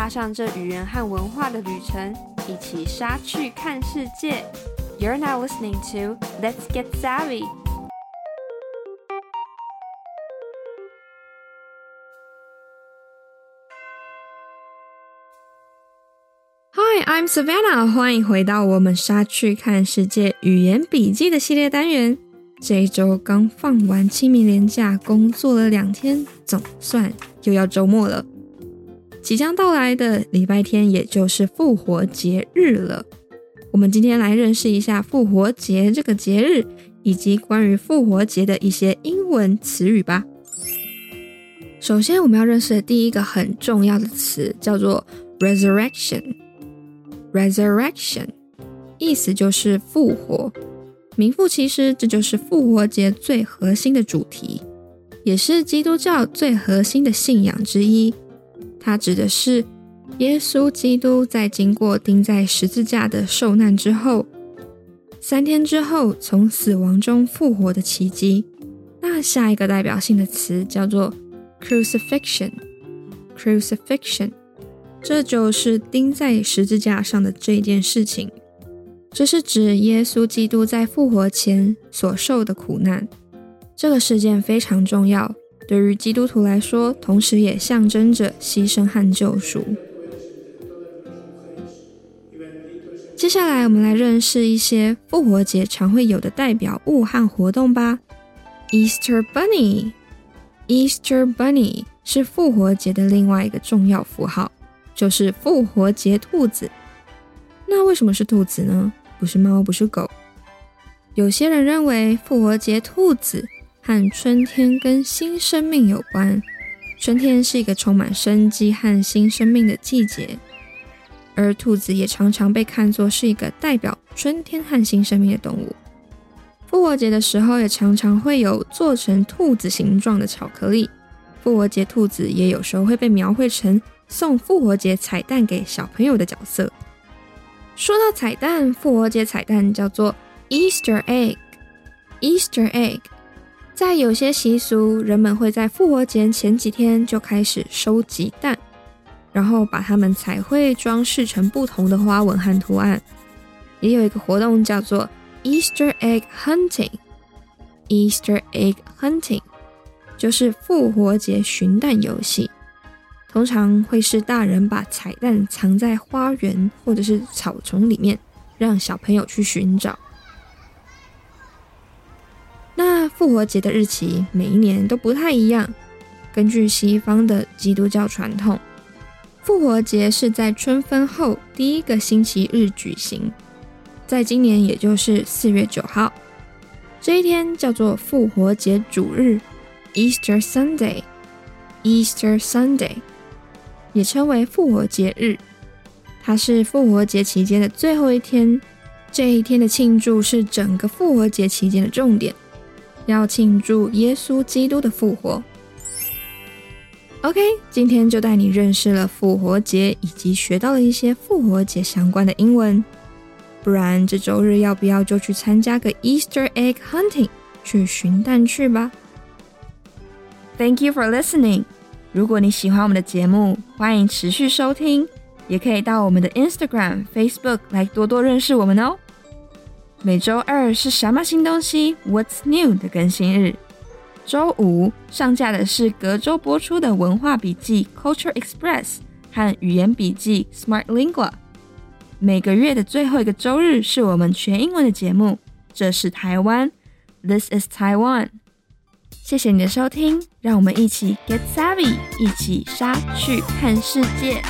踏上這語言和文化的旅程，一起莎去看世界。You're now listening to Let's Get Savvy. Hi, I'm Savannah. 歡迎回到我們莎去看世界語言筆記的系列單元。這一週剛放完清明連假，工作了兩天，總算又要周末了。即將到來的禮拜天，也就是復活節日了。我們今天來認識一下復活節這個節日，以及關於復活節的一些英文詞語吧。首先，我們要認識的第一個很重要的詞叫做 “resurrection”。Resurrection 意思就是復活，名副其實，這就是復活節最核心的主題，也是基督教最核心的信仰之一。它指的是耶穌基督在經過釘在十字架的受難之後，三天之後從死亡中復活的奇蹟。那下一個代表性的詞叫做 crucifixion，crucifixion，Cru 這就是釘在十字架上的這一件事情。這是指耶穌基督在復活前所受的苦難。這個事件非常重要。對於基督徒來說，同時也象徵着犧牲和救贖。接下來，我們來認識一些復活節常會有的代表物和活動吧。Easter Bunny，Easter Bunny 是復活節的另外一個重要符號，就是復活節兔子。那為什麼是兔子呢？不是貓，不是狗。有些人認為復活節兔子。和春天跟新生命有關，春天是一個充滿生機和新生命的季節，而兔子也常常被看作是一個代表春天和新生命的動物。復活節的時候也常常會有做成兔子形狀的巧克力。復活節兔子也有時候會被描繪成送復活節彩蛋給小朋友的角色。說到彩蛋，復活節彩蛋叫做 Easter egg，Easter egg。在有些習俗，人們會在復活節前幾天就開始收集蛋，然後把它們彩繪裝飾成不同的花紋和圖案。也有一個活動叫做 Easter Egg Hunting。Easter Egg Hunting 就是復活節尋蛋遊戲，通常會是大人把彩蛋藏在花園或者是草叢裡面，讓小朋友去尋找。復活節的日期每一年都不太一樣。根據西方的基督教傳統，復活節是在春分後第一個星期日舉行。在今年，也就是四月九號，這一天叫做復活節主日 （Easter Sunday）。Easter Sunday 也稱為復活節日，它是復活節期間的最後一天。這一天的慶祝是整個復活節期間的重點。要慶祝耶穌基督的復活。OK，今天就帶你認識了復活節，以及學到了一些復活節相關的英文。不然這周日要不要就去參加個 Easter Egg Hunting，去尋蛋去吧。Thank you for listening。如果你喜歡我們的節目，歡迎持續收聽，也可以到我們的 Instagram、Facebook 來多多認識我們哦。每周二是什麼新東西？What's new 的更新日，周五上架的是隔周播出的文化筆記 Culture Express 和語言筆記 Smart Lingua。每個月的最後一個周日是我們全英文的節目，這是台灣，This is Taiwan。謝謝你的收聽，讓我們一起 get savvy，一起莎去看世界。